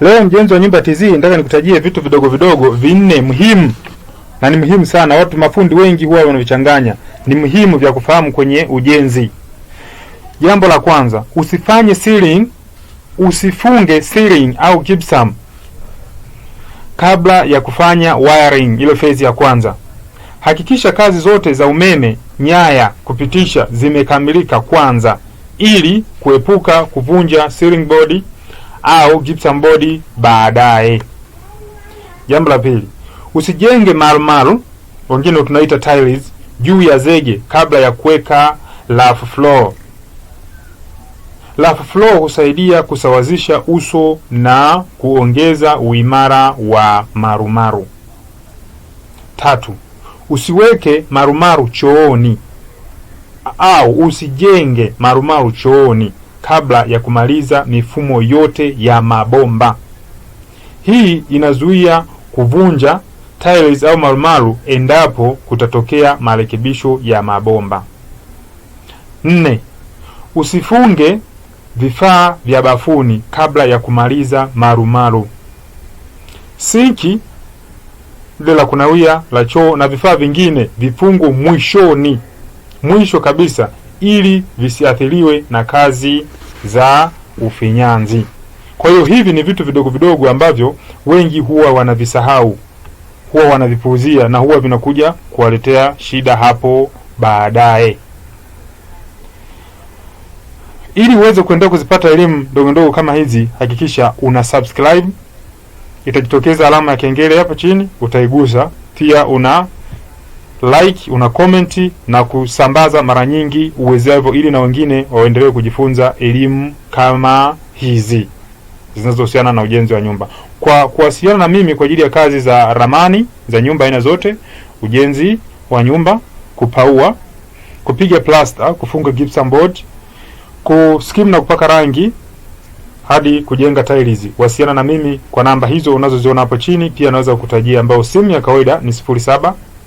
Leo mjenzi wa nyumba TZ, nataka nikutajie vitu vidogo vidogo vinne muhimu na ni muhimu sana, watu mafundi wengi huwa wanavichanganya, ni muhimu vya kufahamu kwenye ujenzi. Jambo la kwanza, usifanye ceiling, usifunge ceiling au gypsum kabla ya kufanya wiring. Ile phase ya kwanza, hakikisha kazi zote za umeme, nyaya kupitisha zimekamilika kwanza, ili kuepuka kuvunja ceiling board au gypsum board baadaye. Jambo la pili, usijenge marumaru, wengine tunaita tiles, juu ya zege kabla ya kuweka rough floor. Rough floor husaidia kusawazisha uso na kuongeza uimara wa marumaru. Tatu, usiweke marumaru chooni au usijenge marumaru chooni kabla ya kumaliza mifumo yote ya mabomba. Hii inazuia kuvunja tiles au marumaru endapo kutatokea marekebisho ya mabomba. Nne, usifunge vifaa vya bafuni kabla ya kumaliza marumaru. Sinki lile la kunawia la choo na vifaa vingine vifungwe mwishoni, mwisho kabisa, ili visiathiriwe na kazi za ufinyanzi. Kwa hiyo hivi ni vitu vidogo vidogo ambavyo wengi huwa wanavisahau, huwa wanavipuuzia na huwa vinakuja kuwaletea shida hapo baadaye. Ili uweze kuendelea kuzipata elimu ndogo ndogo kama hizi, hakikisha una subscribe. Itajitokeza alama ya kengele hapo chini, utaigusa. Pia una like, una comment na kusambaza mara nyingi uwezavyo, ili na wengine waendelee kujifunza elimu kama hizi zinazohusiana na ujenzi wa nyumba. Kwa kuwasiliana na mimi kwa ajili ya kazi za ramani za nyumba aina zote, ujenzi wa nyumba, kupaua, kupiga plasta, kufunga gypsum board, kuskim na kupaka rangi hadi kujenga tiles. Wasiliana na mimi kwa namba hizo unazoziona hapo chini. Pia naweza kukutajia ambao simu ya kawaida ni sifuri saba